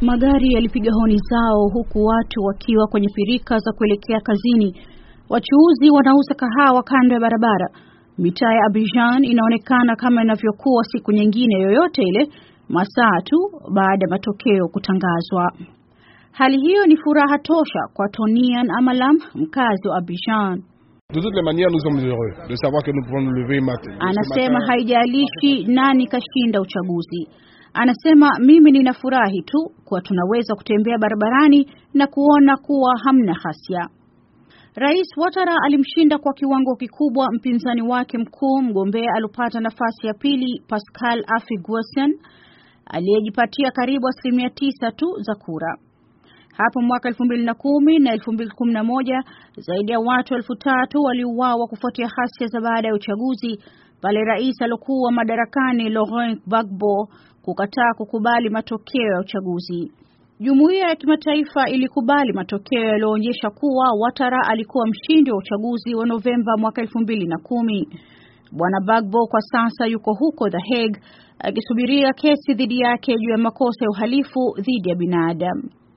Magari yalipiga honi zao huku watu wakiwa kwenye pirika za kuelekea kazini. Wachuuzi wanauza kahawa kando ya barabara. Mitaa ya Abidjan inaonekana kama inavyokuwa siku nyingine yoyote ile, masaa tu baada ya matokeo kutangazwa. Hali hiyo ni furaha tosha kwa Tonian Amalam, mkazi wa Abidjan. Anasema haijalishi nani kashinda uchaguzi Anasema mimi ninafurahi tu kuwa tunaweza kutembea barabarani na kuona kuwa hamna ghasia. Rais Watara alimshinda kwa kiwango kikubwa mpinzani wake mkuu, mgombea alopata nafasi ya pili Pascal Afiguesen aliyejipatia karibu asilimia tisa tu za kura. Hapo mwaka 2010 na 2011 zaidi ya watu elfu tatu waliuawa kufuatia ghasia za baada ya uchaguzi pale rais aliokuwa madarakani Laurent Gbagbo kukataa kukubali matokeo ya uchaguzi. Jumuiya ya kimataifa ilikubali matokeo yaliyoonyesha kuwa Watara alikuwa mshindi wa uchaguzi wa Novemba mwaka elfu mbili na kumi. Bwana Bagbo kwa sasa yuko huko The Hague akisubiria kesi dhidi yake juu ya makosa ya uhalifu dhidi ya binadamu.